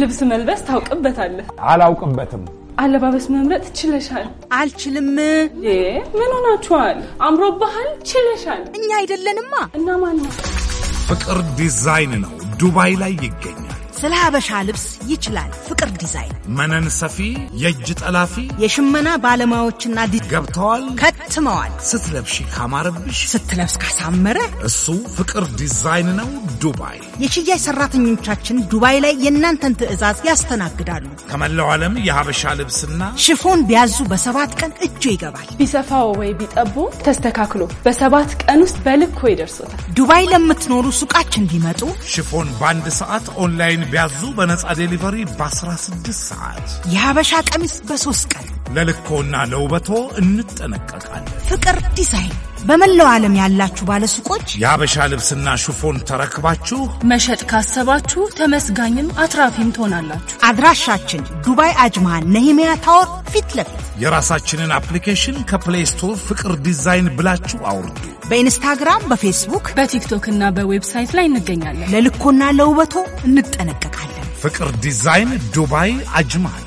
ልብስ መልበስ ታውቅበታለህ? አላውቅበትም። አለባበስ መምረጥ ችለሻል? አልችልም። ምን ሆናችኋል? አምሮባሃል? ችለሻል። እኛ አይደለንማ። እና ማን ነው? ፍቅር ዲዛይን ነው ዱባይ ላይ ይገኛል። ስለ ሀበሻ ልብስ ይችላል። ፍቅር ዲዛይን መነን ሰፊ፣ የእጅ ጠላፊ፣ የሽመና ባለሙያዎችና ዲ ገብተዋል ከትመዋል። ስትለብሺ ካማረብሽ፣ ስትለብስ ካሳመረ እሱ ፍቅር ዲዛይን ነው። ዱባይ የሽያጭ ሰራተኞቻችን ዱባይ ላይ የእናንተን ትዕዛዝ ያስተናግዳሉ። ከመላው ዓለም የሀበሻ ልብስና ሽፎን ቢያዙ በሰባት ቀን እጁ ይገባል። ቢሰፋው ወይ ቢጠቦ ተስተካክሎ በሰባት ቀን ውስጥ በልኮ ይደርሶታል። ዱባይ ለምትኖሩ ሱቃችን ቢመጡ ሽፎን በአንድ ሰዓት ኦንላይን ቢያዙ በነፃ ዴሊቨሪ በ16 ሰዓት የሀበሻ ቀሚስ በሶስት ቀን ለልኮና ለውበቶ እንጠነቀቃለን። ፍቅር ዲዛይን በመላው ዓለም ያላችሁ ባለሱቆች የአበሻ ልብስና ሹፎን ተረክባችሁ መሸጥ ካሰባችሁ ተመስጋኝም አትራፊም ትሆናላችሁ። አድራሻችን ዱባይ አጅማን ነሂሚያ ታወር ፊት ለፊት። የራሳችንን አፕሊኬሽን ከፕሌይ ስቶር ፍቅር ዲዛይን ብላችሁ አውርዱ። በኢንስታግራም፣ በፌስቡክ፣ በቲክቶክ እና በዌብሳይት ላይ እንገኛለን። ለልኮና ለውበቶ እንጠነቀቃለን። ፍቅር ዲዛይን ዱባይ አጅማን